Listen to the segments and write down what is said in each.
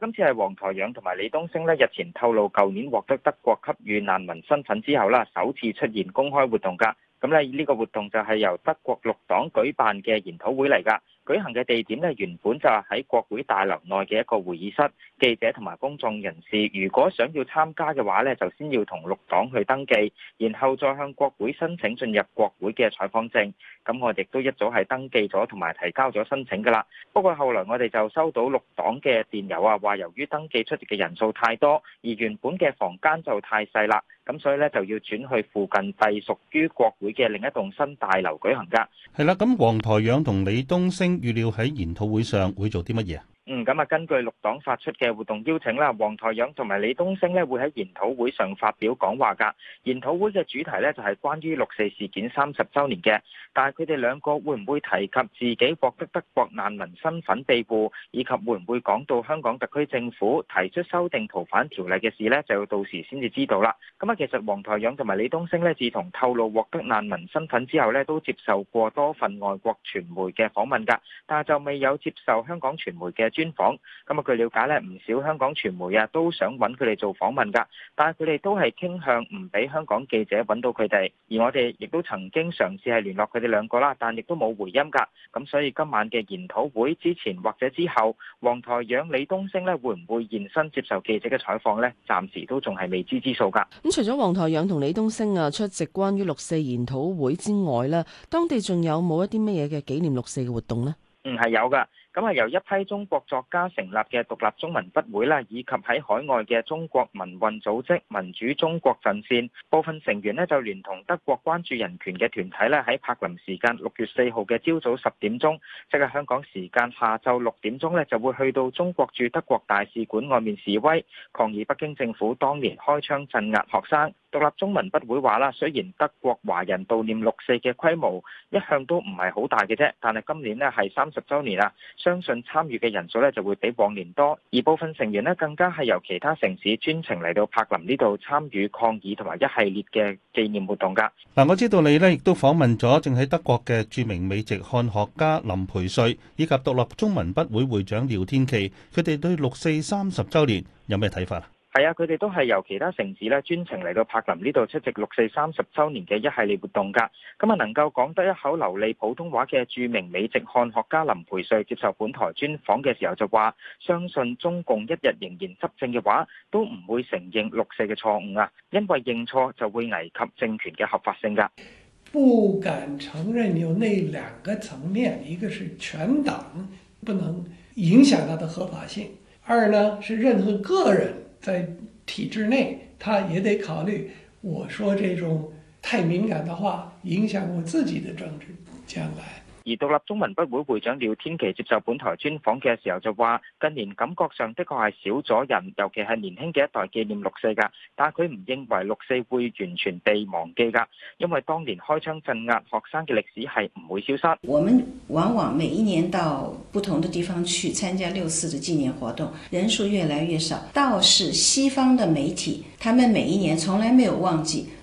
今次係黃台仰同埋李東升咧，日前透露舊年獲得德國給予難民身份之後啦，首次出現公開活動噶。咁咧呢個活動就係由德國綠黨舉辦嘅研討會嚟噶。舉行嘅地點呢，原本就係喺國會大樓內嘅一個會議室。記者同埋公眾人士，如果想要參加嘅話呢就先要同綠黨去登記，然後再向國會申請進入國會嘅採訪證。咁我哋都一早係登記咗，同埋提交咗申請噶啦。不過後來我哋就收到綠黨嘅電郵啊，話由於登記出席嘅人數太多，而原本嘅房間就太細啦，咁所以呢就要轉去附近隸屬於國會嘅另一棟新大樓舉行噶。係啦，咁黃台仰同李東昇。預料喺研討會上會做啲乜嘢啊？咁啊，根據綠黨發出嘅活動邀請啦，黃台仰同埋李東昇呢會喺研討會上發表講話㗎。研討會嘅主題呢就係關於六四事件三十週年嘅。但係佢哋兩個會唔會提及自己獲得德國難民身份庇護，以及會唔會講到香港特區政府提出修訂逃犯條例嘅事呢？就要到時先至知道啦。咁啊，其實黃台仰同埋李東昇呢自從透露獲得難民身份之後呢都接受過多份外國傳媒嘅訪問㗎，但係就未有接受香港傳媒嘅專講。咁啊，據了解咧，唔少香港傳媒啊都想揾佢哋做訪問噶但係佢哋都係傾向唔俾香港記者揾到佢哋。而我哋亦都曾經嘗試係聯絡佢哋兩個啦，但亦都冇回音噶。咁所以今晚嘅研討會之前或者之後，黃台仰李東昇咧，會唔會現身接受記者嘅採訪呢？暫時都仲係未知之數噶。咁除咗黃台仰同李東昇啊出席關於六四研討會之外啦，當地仲有冇一啲乜嘢嘅紀念六四嘅活動呢？嗯，係有噶咁啊，由一批中國作家成立嘅獨立中文筆會啦，以及喺海外嘅中國民運組織民主中國陣線部分成員咧，就連同德國關注人權嘅團體咧，喺柏林時間六月四號嘅朝早十點鐘，即係香港時間下晝六點鐘咧，就會去到中國駐德國大使館外面示威，抗議北京政府當年開槍鎮壓學生。獨立中文筆會話啦，雖然德國華人悼念六四嘅規模一向都唔係好大嘅啫，但係今年呢係三十周年啦，相信參與嘅人數呢就會比往年多，而部分成員呢更加係由其他城市專程嚟到柏林呢度參與抗議同埋一系列嘅紀念活動噶。嗱、嗯，我知道你呢亦都訪問咗正喺德國嘅著名美籍漢學家林培瑞，以及獨立中文筆會會長廖天琪，佢哋對六四三十周年有咩睇法？係啊，佢哋都係由其他城市咧專程嚟到柏林呢度出席六四三十周年嘅一系列活動噶。咁啊，能夠講得一口流利普通話嘅著名美籍漢學家林培瑞接受本台專訪嘅時候就話：相信中共一日仍然執政嘅話，都唔會承認六四嘅錯誤啊，因為認錯就會危及政權嘅合法性噶。不敢承認有那兩個層面，一個是全黨不能影響到佢嘅合法性；二呢，是任何個人。在體制內，他也得考慮。我說這種太敏感的話，影響我自己的政治將來。而獨立中文筆會會長廖天琪接受本台專訪嘅時候就話：近年感覺上的確係少咗人，尤其係年輕嘅一代紀念六四嘅。但係佢唔認為六四會完全被忘記㗎，因為當年開槍鎮壓學生嘅歷史係唔會消失。我們往往每一年到不同的地方去參加六四的紀念活動，人數越來越少，倒是西方的媒體，他們每一年從來沒有忘記。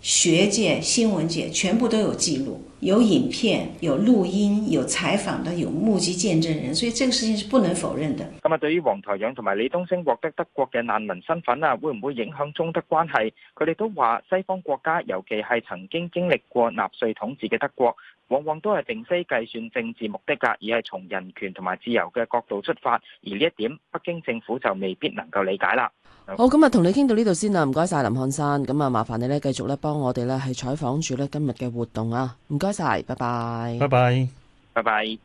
學界、新聞界全部都有記錄，有影片、有錄音、有採訪的，有目擊見證人，所以這個事情是不能否認的。咁啊，對於黃台仰同埋李東升獲得德國嘅難民身份啊，會唔會影響中德關係？佢哋都話，西方國家尤其係曾經經歷過納粹統治嘅德國。往往都係並非計算政治目的噶，而係從人權同埋自由嘅角度出發，而呢一點北京政府就未必能夠理解啦。好，咁啊同你傾到呢度先啦，唔該晒林漢山，咁啊麻煩你咧繼續咧幫我哋咧係採訪住咧今日嘅活動啊，唔該晒，拜拜，拜拜，拜拜。